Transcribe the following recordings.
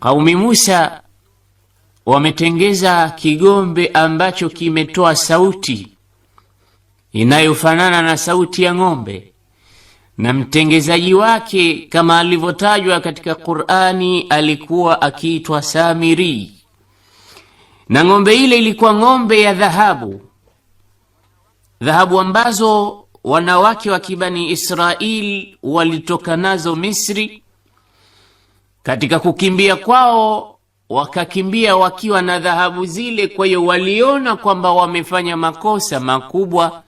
Qaumi Musa wametengeza kigombe ambacho kimetoa sauti inayofanana na sauti ya ng'ombe, na mtengezaji wake kama alivyotajwa katika Qur'ani alikuwa akiitwa Samiri, na ng'ombe ile ilikuwa ng'ombe ya dhahabu, dhahabu ambazo wanawake wa Kibani Israil walitoka nazo Misri katika kukimbia kwao wakakimbia wakiwa na dhahabu zile. Kwa hiyo waliona kwamba wamefanya makosa makubwa,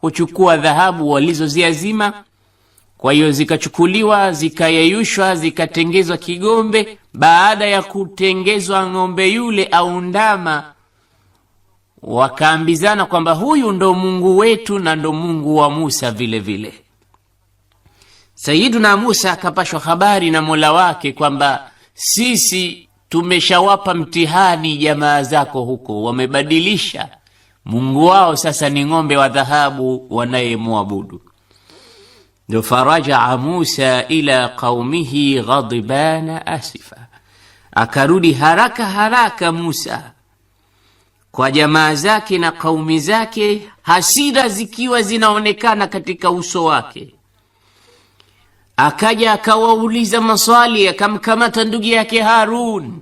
kuchukua dhahabu walizoziazima. Kwa hiyo zikachukuliwa, zikayeyushwa, zikatengezwa kigombe. Baada ya kutengezwa ng'ombe yule au ndama, wakaambizana kwamba huyu ndo Mungu wetu na ndo Mungu wa Musa vilevile vile. Sayiduna Musa akapashwa habari na Mola wake kwamba sisi tumeshawapa mtihani jamaa zako huko, wamebadilisha Mungu wao sasa ni ng'ombe wa dhahabu wanayemwabudu. Ndo farajaa Musa ila qaumihi ghadibana asifa, akarudi haraka haraka Musa kwa jamaa zake na kaumi zake, hasira zikiwa zinaonekana katika uso wake. Akaja akawauliza maswali, akamkamata ndugu yake Harun.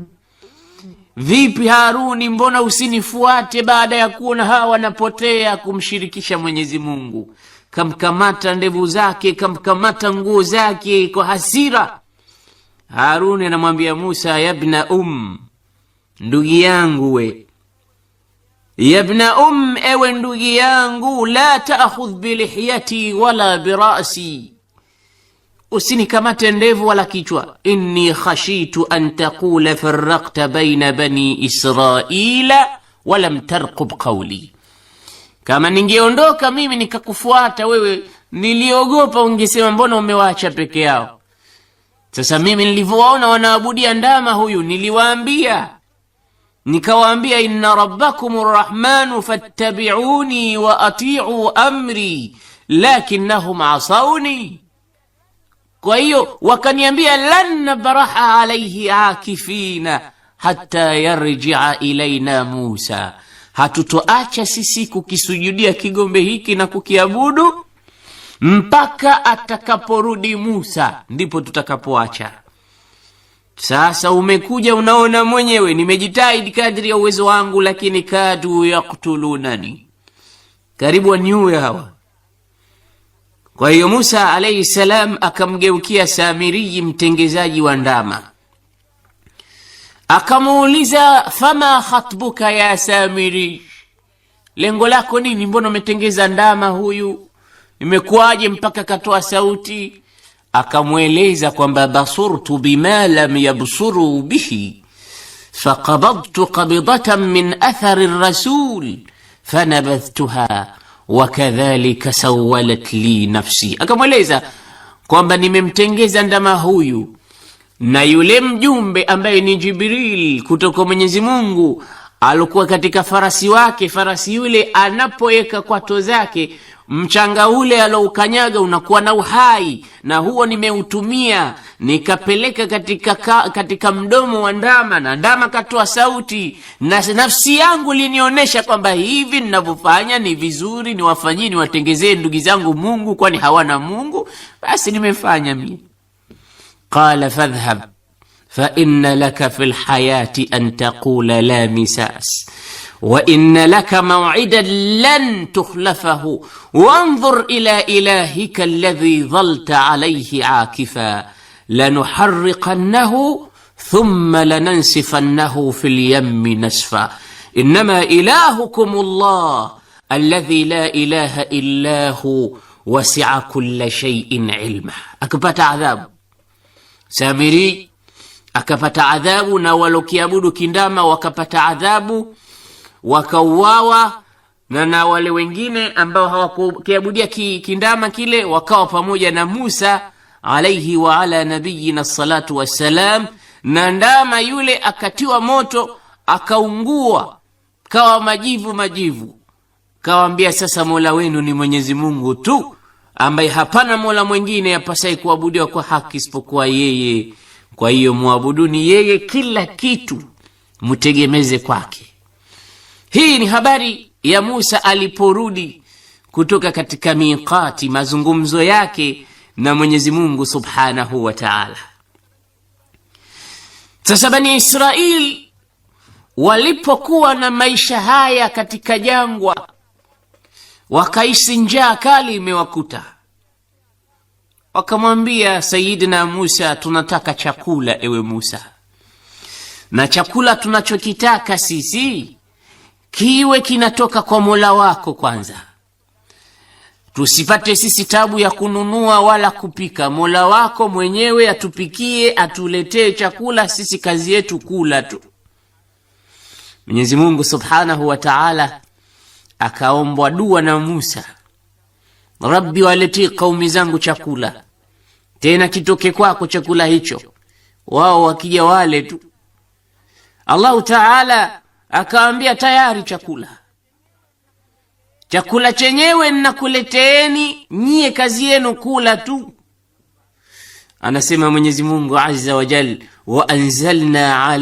Vipi Haruni, mbona usinifuate baada ya kuona hawa wanapotea kumshirikisha Mwenyezi Mungu? Kamkamata ndevu zake, kamkamata nguo zake kwa hasira. Haruni anamwambia Musa, yabna um, ndugu yangu we, yabna um, ewe ndugu yangu, la taakhudh bilihiyati wala birasi usinikamate ndevu wala kichwa. inni khashitu an taqula farraqta baina bani israila walam tarqub qawli, kama ningeondoka mimi nikakufuata wewe, niliogopa ungesema mbona umewaacha peke yao. Sasa mimi nilivyowaona wanaabudia ndama huyu, niliwaambia nikawaambia, inna rabbakum rrahmanu fattabiuni wa atiu amri lakinnahum asawni kwa hiyo wakaniambia, lan nabraha alaihi akifina hata yarjia ilaina Musa, hatutoacha sisi kukisujudia kigombe hiki na kukiabudu mpaka atakaporudi Musa, ndipo tutakapoacha. Sasa umekuja, unaona mwenyewe, nimejitahidi kadri ya uwezo wangu, lakini kadu yaktulunani, karibu waniue hawa kwa hiyo Musa alayhi salam akamgeukia Samiri, mtengezaji wa ndama, akamuuliza fama khatbuka ya Samiri, lengo lako nini? Mbona umetengeza ndama huyu? Imekuwaje mpaka katoa sauti? Akamweleza kwamba basurtu bima lam yabsuru bihi fakabadtu qabidatan min athari rasul fanabathtuha wakadhalika sawalat li nafsi, akamweleza kwamba nimemtengeza ndama huyu na yule mjumbe ambaye ni Jibril kutoka Mwenyezi Mungu alikuwa katika farasi wake. Farasi yule anapoweka kwato zake mchanga ule aloukanyaga unakuwa na uhai, na huo nimeutumia nikapeleka katika, ka, katika mdomo wa ndama, na ndama katoa sauti, na nafsi yangu linionyesha kwamba hivi ninavyofanya ni vizuri, niwafanyie niwatengezee ndugu zangu Mungu, kwani hawana Mungu. Basi nimefanya mie. Qala fadhhab fa inna laka fi lhayati an taqula la misas وإن لك موعدا لن تخلفه وانظر إلى إلهك الذي ظلت عليه عاكفا لنحرقنه ثم لننسفنه في اليم نسفا إنما إلهكم الله الذي لا إله إلا هو وسع كل شيء علمه أكبت عذاب سامري أكبت عذاب na waliokiabudu kindama وكبت عذاب wakauawa na na wale wengine ambao hawakukiabudia kindama kile wakawa pamoja na Musa alaihi wa ala nabiyina salatu wassalam, na ndama yule akatiwa moto akaungua, kawa majivu majivu. Kawaambia, sasa mola wenu ni Mwenyezi Mungu tu ambaye hapana mola mwengine apasai kuabudiwa kwa haki isipokuwa yeye. Kwa hiyo mwabuduni yeye, kila kitu mtegemeze kwake. Hii ni habari ya Musa aliporudi kutoka katika miqati, mazungumzo yake na Mwenyezi Mungu Subhanahu wa Ta'ala. Sasa Bani israeli walipokuwa na maisha haya katika jangwa, wakaishi njaa kali imewakuta, wakamwambia Sayidina Musa, tunataka chakula, ewe Musa, na chakula tunachokitaka sisi kiwe kinatoka kwa Mola wako kwanza. Tusipate sisi tabu ya kununua wala kupika. Mola wako mwenyewe atupikie, atuletee chakula, sisi kazi yetu kula tu. Mwenyezi Mungu Subhanahu wa Ta'ala akaombwa dua na Musa, Rabbi waletii kaumi zangu chakula, tena kitoke kwako chakula hicho, wao wakija wale tu. Allahu Ta'ala akawambia tayari chakula. Chakula chenyewe nnakuleteeni nyie, kazi yenu kula tu. Anasema Mwenyezi Mungu aza wajal jal, wa anzalna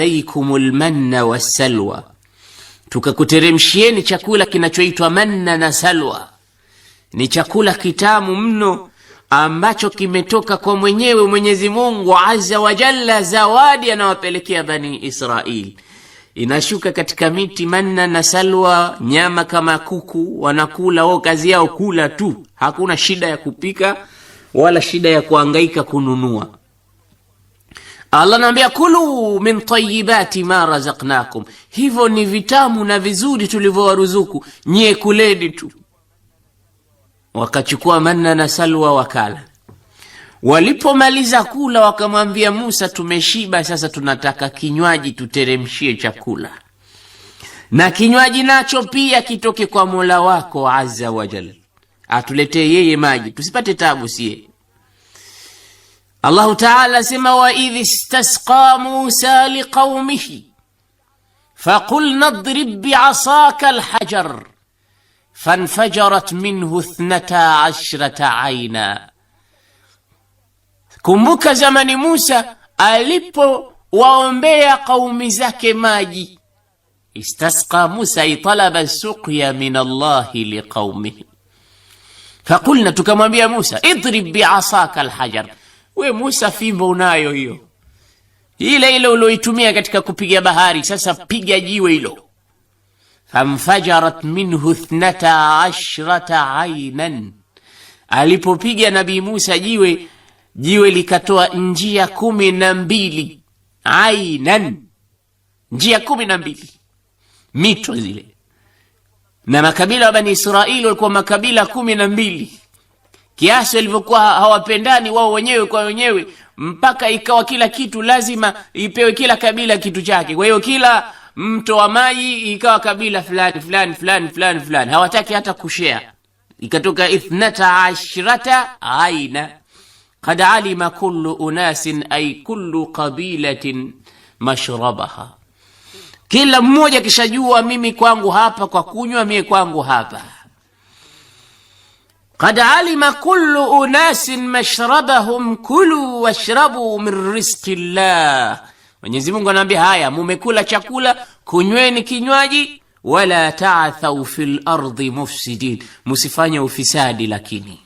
lmanna wassalwa, tukakuteremshieni chakula kinachoitwa manna na salwa. Ni chakula kitamu mno ambacho kimetoka kwa mwenyewe Mwenyezi Mungu wajalla zawadi anawapelekea Bani Israili inashuka katika miti manna na salwa, nyama kama kuku wanakula wao, oh, kazi yao kula tu, hakuna shida ya kupika wala shida ya kuangaika kununua. Allah anaambia kulu min tayyibati ma razaqnakum, hivyo ni vitamu na vizuri tulivyowaruzuku nyie, kuleni tu. Wakachukua manna na salwa wakala Walipomaliza kula wakamwambia Musa, tumeshiba sasa, tunataka kinywaji, tuteremshie chakula na kinywaji nacho pia kitoke kwa Mola wako azza wa jalla, atuletee yeye maji, tusipate tabu sie. Allahu taala asema, waidh istasqa Musa liqaumihi faqulna idrib biasaka lhajar fanfajarat minhu ithnata ashrata aina Kumbuka zamani Musa alipowaombea kaumi zake maji, istasqa Musa italaba suqya min Allahi liqaumihi fakulna, tukamwambia Musa idrib biasaka alhajar, we Musa fimbo unayo hiyo ile ile ulioitumia katika kupiga bahari, sasa piga jiwe hilo. Famfajarat minhu ithnata ashrata aynan, alipopiga Nabii Musa jiwe jiwe likatoa njia kumi na mbili ainan, njia kumi na mbili mito zile. Na makabila wa Bani Israeli walikuwa makabila kumi na mbili kiasi walivyokuwa hawapendani wao wenyewe kwa wenyewe, mpaka ikawa kila kitu lazima ipewe kila kabila kitu chake. Kwa hiyo kila mto wa maji ikawa kabila fulani fulani fulani fulani fulani, hawataki hata kushea. Ikatoka ithnata ashrata aina Qad alima kullu unasin ay kullu qabilatin mashrabaha, kila mmoja kishajua mimi kwangu hapa kwa kunywa, mimi kwangu hapa. Qad alima kullu unasin mashrabahum kulu washrabu min rizqi llah. Mwenyezi Mungu anaambia haya, mumekula chakula, kunyweni kinywaji, wala ta'thaw fil ardi mufsidin, musifanye ufisadi lakini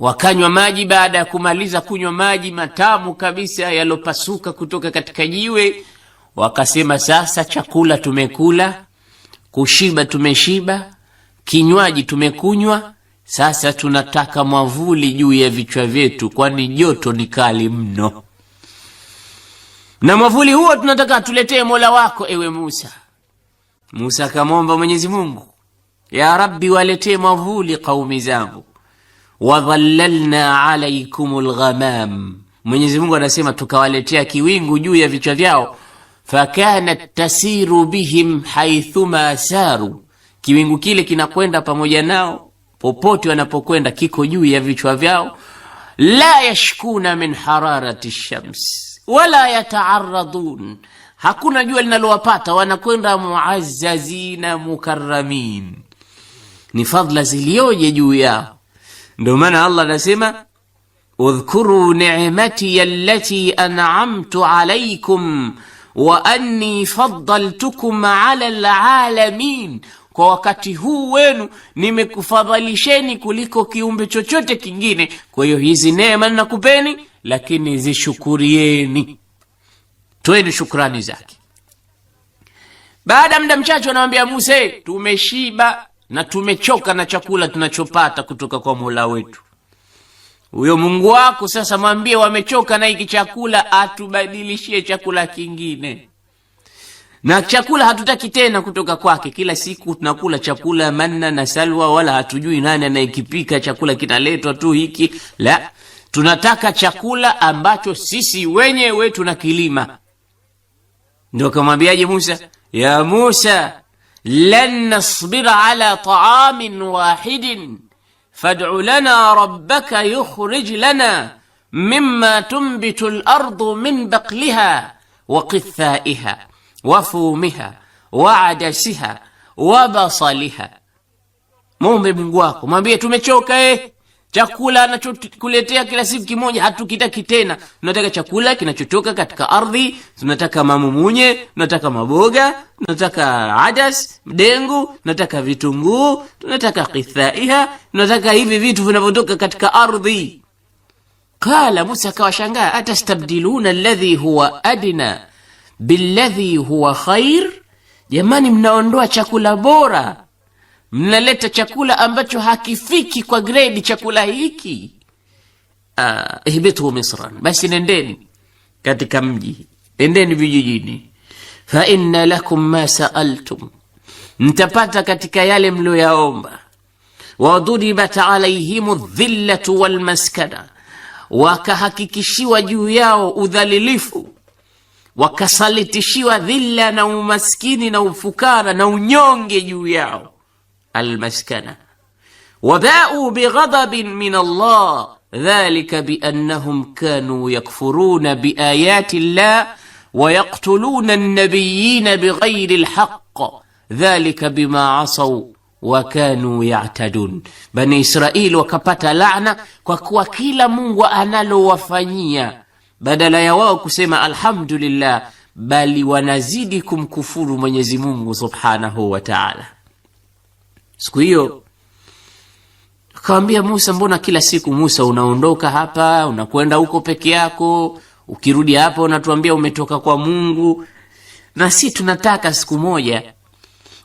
wakanywa maji baada ya kumaliza kunywa maji matamu kabisa yalopasuka kutoka katika jiwe, wakasema sasa chakula tumekula, kushiba tumeshiba, kinywaji tumekunywa, sasa tunataka mwavuli juu ya vichwa vyetu, kwani joto ni kali mno, na mwavuli huo tunataka tuletee Mola wako, ewe Musa. Musa akamwomba Mwenyezi Mungu, ya Rabbi, waletee mwavuli kaumi zangu wadhallalna alaikum lghamam, Mwenyezi Mungu anasema tukawaletea kiwingu juu ya vichwa vyao. Fakanat tasiru bihim haithuma saru, kiwingu kile kinakwenda pamoja nao popote wanapokwenda, kiko juu ya vichwa vyao. La yashkuna min hararati shams wala yataaradun, hakuna jua linalowapata, wanakwenda muazzazina mukaramin. Ni fadla zilioje juu yao ndio maana Allah anasema udhkuru ni'mati allati an'amtu alaykum wa anni faddaltukum ala alalamin, kwa wakati huu wenu nimekufadhalisheni kuliko kiumbe chochote kingine. Kwa hiyo hizi neema ninakupeni, lakini zishukurieni, toeni shukrani zake. Baada muda mchache, anamwambia Musa, tumeshiba na tumechoka na chakula tunachopata kutoka kwa Mola wetu. Huyo Mungu wako sasa mwambie, wamechoka na hiki chakula, atubadilishie chakula kingine. Na chakula hatutaki tena kutoka kwake. Kila siku tunakula chakula manna na salwa, wala hatujui nani anayekipika. Chakula kinaletwa tu hiki la, tunataka chakula ambacho sisi wenyewe tuna kilima. Ndio kamwambiaje Musa, ya Musa لن نصبر على طعام واحد فادع لنا ربك يخرج لنا مما تنبت الأرض من بقلها وقثائها وفومها وعدسها وبصلها. Muombe بنقواكو ما بيتو متشوكا ايه Chakula anachokuletea kila siku kimoja hatukitaki tena. Tunataka chakula kinachotoka katika ardhi. Tunataka mamumunye, tunataka maboga, tunataka ajas dengu, tunataka vitunguu, tunataka kithaiha, tunataka hivi vitu vinavyotoka katika ardhi. qala Musa akawashangaa, atastabdiluna alladhi huwa adna billadhi huwa khair? Jamani, mnaondoa chakula bora mnaleta chakula ambacho hakifiki kwa gredi chakula hiki. Ah, misran, basi nendeni katika mji, nendeni vijijini. Fa inna lakum ma saaltum, mtapata katika yale mlioyaomba. Waduribat alayhimu dhillatu walmaskana, wakahakikishiwa juu yao udhalilifu, wakasalitishiwa dhilla na umaskini na ufukara na unyonge juu yao المسكنه وباءوا بغضب من الله ذلك بانهم كانوا يكفرون بايات الله ويقتلون النبيين بغير الحق ذلك بما عصوا وكانوا يعتدون بني اسرائيل وكبت لعنه ككوا كلا مungu analo بدل badala ya wao kusema alhamdulillah bali wanazidi kumkufuru mwenyezi mungu subhanahu wa Siku hiyo akamwambia Musa, mbona kila siku Musa unaondoka hapa unakwenda huko peke yako, ukirudi hapa unatuambia umetoka kwa Mungu, na si tunataka siku moja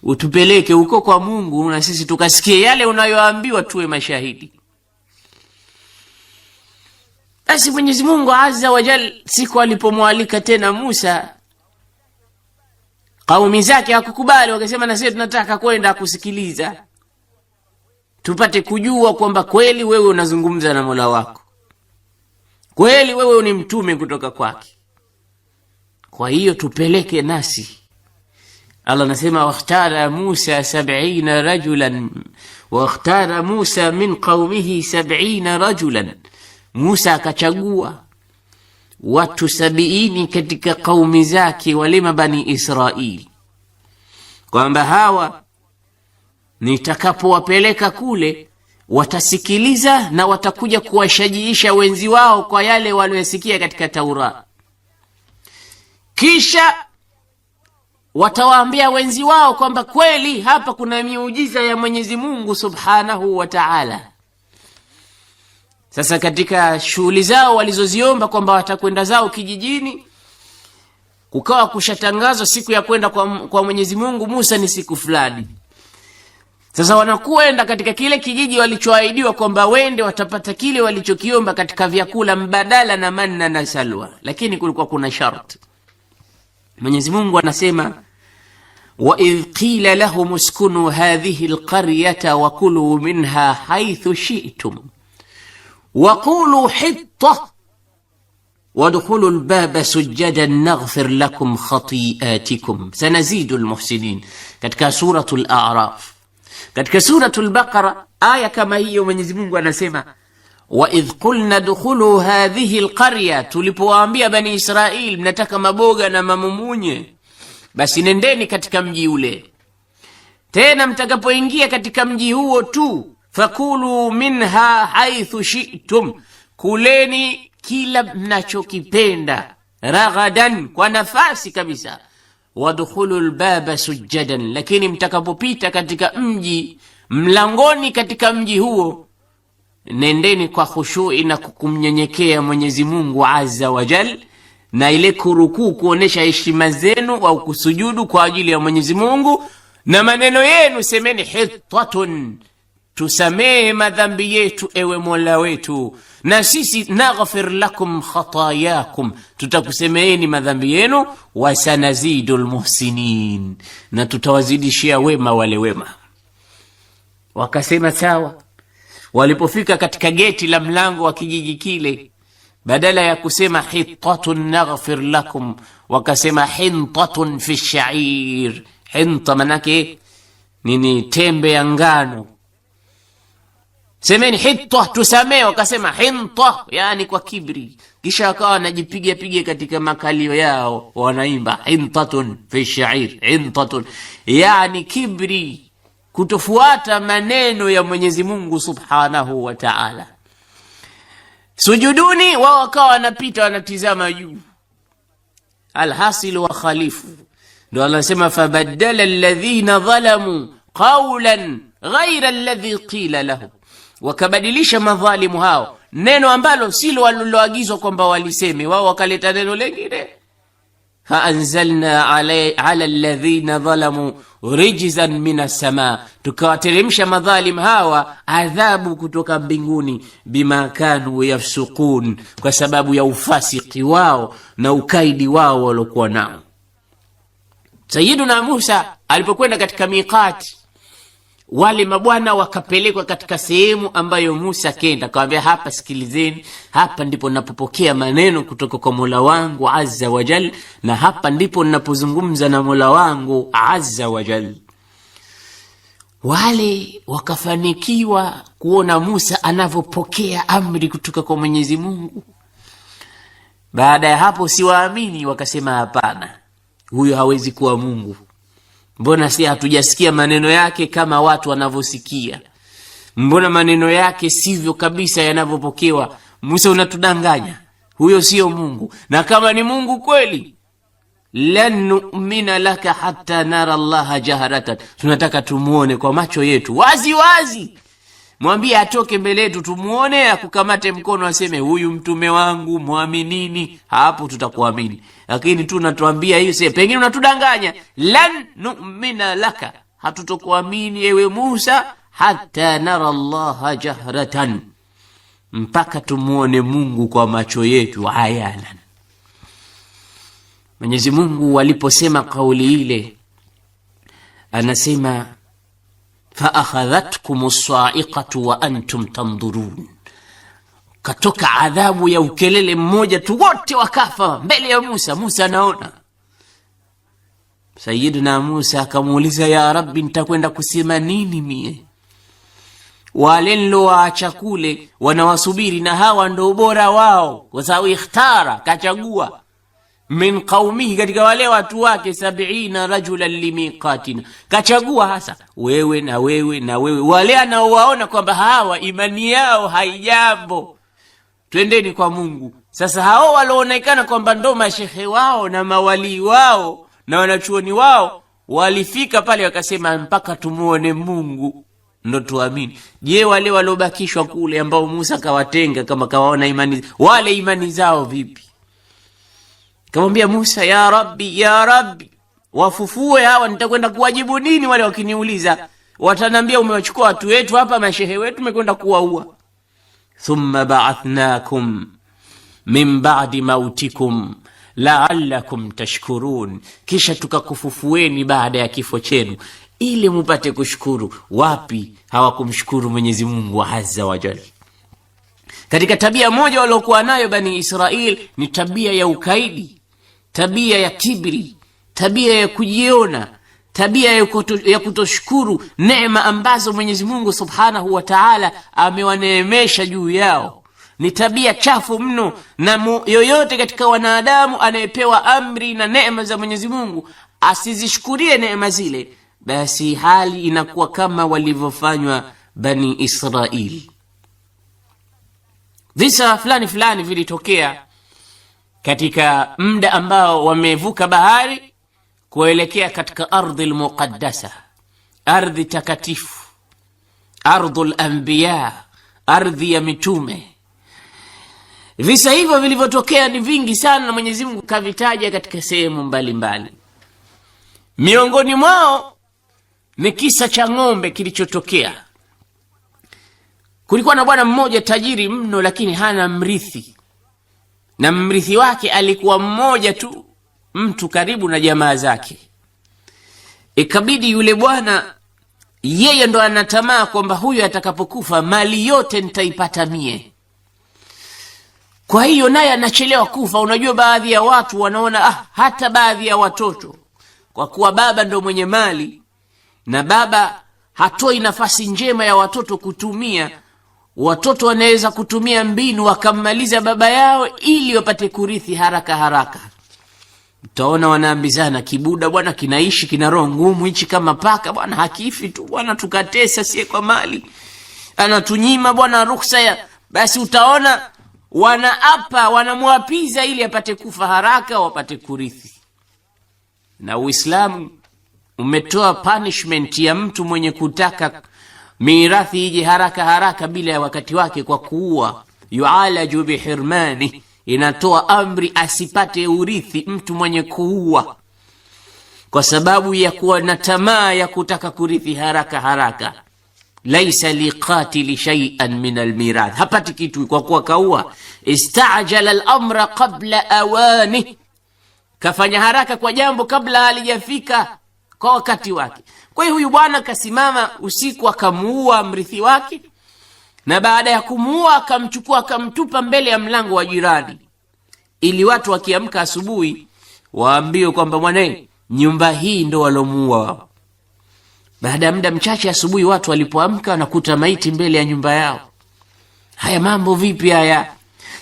utupeleke huko kwa Mungu na sisi tukasikie yale unayoambiwa, tuwe mashahidi. Basi Mwenyezi Mungu Azza wajal siku alipomwalika tena Musa Kaumi zake hakukubali, wakasema na sisi tunataka kwenda kusikiliza, tupate kujua kwamba kweli wewe unazungumza na Mola wako, kweli wewe ni mtume kutoka kwake. Kwa hiyo tupeleke nasi. Allah anasema wakhtara Musa sab'ina rajulan wakhtara Musa min qaumihi sab'ina rajulan, Musa akachagua watu sabiini katika kaumi zake wale mabani Israili, kwamba hawa nitakapowapeleka kule watasikiliza na watakuja kuwashajiisha wenzi wao kwa yale walioyasikia katika Taura, kisha watawaambia wenzi wao kwamba kweli hapa kuna miujiza ya Mwenyezi Mungu Subhanahu wa Ta'ala. Sasa katika shughuli zao walizoziomba kwamba watakwenda zao kijijini, kukawa kushatangazwa siku ya kwenda kwa, kwa Mwenyezi Mungu Musa ni siku fulani. Sasa wanakwenda katika kile kijiji walichoahidiwa kwamba wende watapata kile walichokiomba katika vyakula mbadala na manna na salwa, lakini kulikuwa kuna sharti. Mwenyezi Mungu anasema waidh qila lahum uskunu hadhihi lqaryata wakuluu minha haithu shitum waqulu hitta wadkhulu lbaba sujadan naghfir lakum khatiatikum sanazidu lmuhsinin, katika suratu Laraf. Katika suratu Lbaqara aya kama hiyo, Mwenyezi Mungu anasema waidh qulna dkhulu hadhihi lqarya, tulipowaambia Bani Israil mnataka maboga na mamumunye, basi nendeni katika mji ule. Tena mtakapoingia katika mji huo tu fakulu minha haithu shi'tum, kuleni kila mnachokipenda, raghadan, kwa nafasi kabisa, wadkhulu lbaba sujadan, lakini mtakapopita katika mji mlangoni, katika mji huo nendeni kwa khushui na kumnyenyekea Mwenyezi Mungu azza wa jal, na ile kurukuu kuonesha heshima zenu au kusujudu kwa ajili ya Mwenyezi Mungu, na maneno yenu semeni hitatun tusamehe madhambi yetu, ewe Mola wetu, na sisi naghfir lakum khatayakum, tutakusemeheni madhambi yenu, wasanazidu lmuhsinin, na tutawazidishia wema wale wema. Wakasema sawa. Walipofika katika geti la mlango wa kijiji kile, badala ya kusema hitatun naghfir lakum, wakasema hintatun fi shair. Hinta manake nini? Tembe ya ngano semeni hita, tusamee. Wakasema hinta, yani kwa kibri. Kisha wakawa wanajipiga katika makalio yao, wanaimba hintatun fi shair, hintatun, yani kibri, kutofuata maneno ya Mwenyezi Mungu subhanahu wa ta'ala. Sujuduni wao wakawa wanapita wanatizama juu. Alhasilu wa khalifu ndo anasema fabadala alladhina dhalamu qawlan ghayra alladhi qila lahum wakabadilisha madhalimu hao neno ambalo silo waliloagizwa kwamba waliseme, wao wakaleta neno lengine. faanzalna ala ladhina dhalamu rijzan min assamaa, tukawateremsha madhalim hawa adhabu kutoka mbinguni. bima kanu yafsukun, kwa sababu ya ufasiki wao na ukaidi wao waliokuwa nao. sayiduna Musa alipokwenda katika miqati wale mabwana wakapelekwa katika sehemu ambayo Musa kenda, akawambia, hapa sikilizeni, hapa ndipo napopokea maneno kutoka kwa Mola wangu azza wajal, na hapa ndipo napozungumza na Mola wangu azza wajal. Wale wakafanikiwa kuona Musa anavyopokea amri kutoka kwa Mwenyezi Mungu. Baada ya hapo, siwaamini wakasema, hapana, huyo hawezi kuwa Mungu. Mbona si hatujasikia maneno yake kama watu wanavyosikia? Mbona maneno yake sivyo kabisa yanavyopokewa? Musa, unatudanganya, huyo sio Mungu. Na kama ni Mungu kweli, lan numina laka hata nara llaha jaharatan, tunataka tumuone kwa macho yetu wazi wazi. Mwambie atoke mbele yetu tumuone, akukamate mkono, aseme huyu mtume wangu, mwaminini. Hapo tutakuamini lakini tu natuambia hiyo sasa, pengine unatudanganya. Lan numina laka, hatutokuamini ewe Musa, hata nara llaha jahratan, mpaka tumuone Mungu kwa macho yetu ayanan. Mwenyezi Mungu aliposema kauli ile, anasema fa akhadhatkum saiqatu wa antum tandhurun katoka adhabu ya ukelele mmoja tu, wote wakafa mbele ya Musa. Musa anaona. Sayyidina Musa akamuuliza, ya Rabbi, nitakwenda kusema nini mie? Wale nilowaacha kule wanawasubiri, na hawa ndo ubora wao, kwa sababu ikhtara, kachagua min qaumihi, katika wale watu wake, sabina rajulan limiqatina, kachagua hasa wewe na wewe na wewe, wale anaowaona kwamba hawa imani yao haijambo twendeni kwa Mungu. Sasa hao walioonekana kwamba ndo mashehe wao na mawalii wao na wanachuoni wao walifika pale wakasema, mpaka tumuone Mungu ndo tuamini. Je, wale waliobakishwa kule ambao Musa kawatenga kama kawaona imani wale, imani zao vipi? Kamwambia Musa, ya Rabbi, ya Rabbi, wafufue hawa, nitakwenda kuwajibu nini? Wale wakiniuliza watanambia, umewachukua watu wetu hapa, mashehe wetu, mekwenda kuwaua thumma ba'athnakum min ba'di mautikum laalakum tashkurun, kisha tukakufufueni baada ya kifo chenu ili mupate kushukuru. Wapi hawakumshukuru Mwenyezi Mungu azza wa jalla. Katika tabia moja waliokuwa nayo Bani Israil ni tabia ya ukaidi, tabia ya kibri, tabia ya kujiona tabia ya kutoshukuru neema ambazo Mwenyezi Mungu subhanahu wa taala amewaneemesha juu yao ni tabia chafu mno, na yoyote katika wanadamu anayepewa amri na neema za Mwenyezi Mungu asizishukurie neema zile, basi hali inakuwa kama walivyofanywa Bani Israili. Visa fulani fulani vilitokea katika muda ambao wamevuka bahari kuelekea katika ardhi lmuqaddasa, ardhi takatifu, ardhu lanbiya, ardhi ya mitume. Visa hivyo vilivyotokea ni vingi sana, na mwenyezimngu kavitaja katika sehemu mbalimbali. Miongoni mwao ni kisa cha ng'ombe kilichotokea. Kulikuwa na bwana mmoja tajiri mno, lakini hana mrithi, na mrithi wake alikuwa mmoja tu mtu karibu na jamaa zake, ikabidi yule bwana yeye ndo anatamaa kwamba huyo atakapokufa mali yote nitaipata mie. Kwa hiyo naye anachelewa kufa. Unajua, baadhi ya watu wanaona ah, hata baadhi ya watoto kwa kuwa baba ndo mwenye mali na baba hatoi nafasi njema ya watoto kutumia, watoto wanaweza kutumia mbinu wakammaliza baba yao ili wapate kurithi haraka haraka. Utaona wanaambizana kibuda bwana, kinaishi kina roho ngumu hichi, kama paka bwana, hakifi tu bwana, tukatesa sie kwa mali, anatunyima bwana ruksa ya basi. Utaona wanaapa wanamwapiza ili apate kufa haraka, wapate kurithi. Na Uislamu umetoa punishment ya mtu mwenye kutaka mirathi ije haraka haraka bila ya wakati wake, kwa kuua, yualaju bihirmani inatoa amri asipate urithi mtu mwenye kuua kwa sababu ya kuwa na tamaa ya kutaka kurithi haraka haraka. Laisa liqatili shaian min almirath, hapati kitu kwa kuwa kaua. Istajala lamra qabla awani, kafanya haraka kwa jambo kabla halijafika kwa wakati wake. Kwa hiyo huyu bwana kasimama usiku akamuua mrithi wake na baada ya kumuua akamchukua akamtupa mbele ya mlango wa jirani, ili watu wakiamka asubuhi waambiwe kwamba mwane nyumba hii ndo walomuua wao. Baada ya muda mchache asubuhi, watu walipoamka wanakuta maiti mbele ya nyumba yao. Haya mambo vipi haya?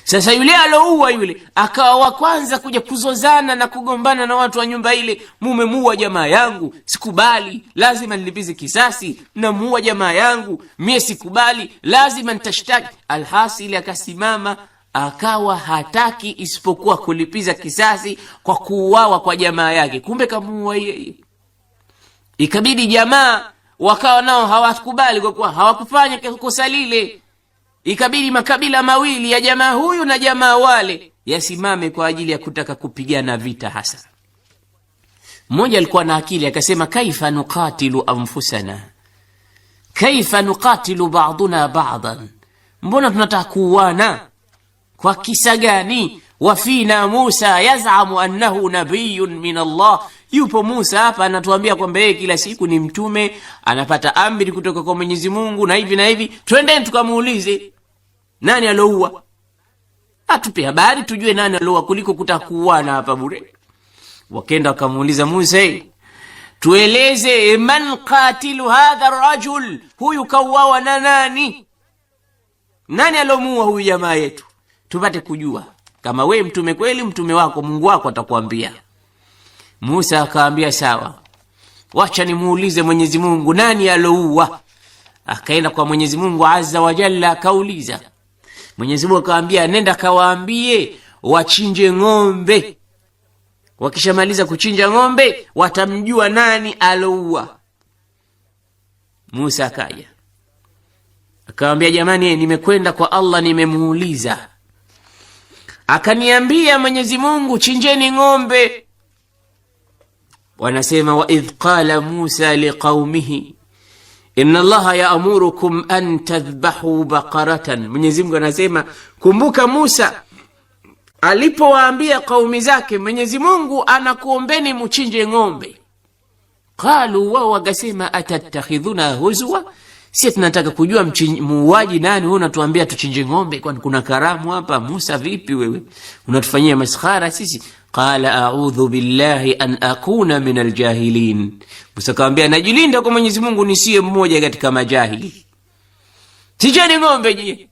Sasa yule aloua yule akawa wa kwanza kuja kuzozana na kugombana na watu wa nyumba ile, mumemuua jamaa yangu, sikubali, lazima nilipize kisasi, mnamuua jamaa yangu, mie sikubali, lazima nitashtaki. Alhasili akasimama akawa hataki isipokuwa kulipiza kisasi kwa kuuawa kwa jamaa yake, kumbe kamuua yeye. Ikabidi jamaa wakawa nao hawakubali, kwa kuwa hawakufanya kosa lile ikabidi makabila mawili ya jamaa huyu na jamaa wale yasimame kwa ajili ya kutaka kupigana vita hasa. Mmoja alikuwa na akili akasema, kaifa nuqatilu anfusana kaifa nuqatilu ba'duna ba'dan, mbona tunataka kuuana kwa kisa gani? wafina Musa yazamu annahu nabiyun min Allah, yupo Musa hapa anatuambia kwamba yeye kila siku ni mtume, anapata amri kutoka kwa Mwenyezi Mungu na hivi na hivi, twendeni tukamuulize nani alouwa? Atupe habari tujue nani alouwa, kuliko kutakuuana hapa bure. Wakenda wakamuuliza Musa, tueleze man qatilu hadha rajul, huyu kauawa na nani? Nani alomuua huyu jamaa yetu, tupate kujua kama we mtume kweli, mtume wako Mungu wako atakwambia. Musa akaambia sawa, wacha nimuulize Mwenyezi Mungu nani alouwa. Akaenda kwa Mwenyezi Mungu azza wa jalla akauliza Mwenyezi Mungu akawaambia, nenda kawaambie wachinje ng'ombe. Wakishamaliza kuchinja ng'ombe, watamjua nani aloua. Musa akaja akawambia jamani, nimekwenda kwa Allah, nimemuuliza akaniambia Mwenyezi Mungu, chinjeni ng'ombe. Wanasema, waidh qala Musa liqaumihi Inna Allaha yaamurukum an tadhbahu baqaratan, Mwenyezi Mungu anasema, kumbuka Musa alipowaambia kaumi zake, Mwenyezi Mungu anakuombeni muchinje ng'ombe. Qalu, wao wakasema, atattakhidhuna huzwa, si tunataka kujua muuaji nani wewe, unatuambia tuchinje ng'ombe? Kwani kuna karamu hapa? Musa, vipi wewe unatufanyia maskhara sisi? qala a'udhu billahi an akuna min aljahilin. Musa akamwambia najilinda kwa Mwenyezi Mungu nisiye mmoja katika majahili. Chinjeni ng'ombe nyie.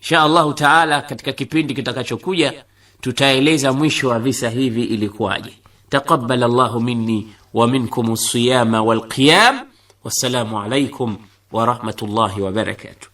Insha Allahu taala katika kipindi kitakachokuja tutaeleza mwisho wa visa hivi ilikuwaje. Taqabbal Allahu minni wa minkum as-siyama wal qiyam. Wassalamu alaykum wa rahmatullahi wa barakatuh.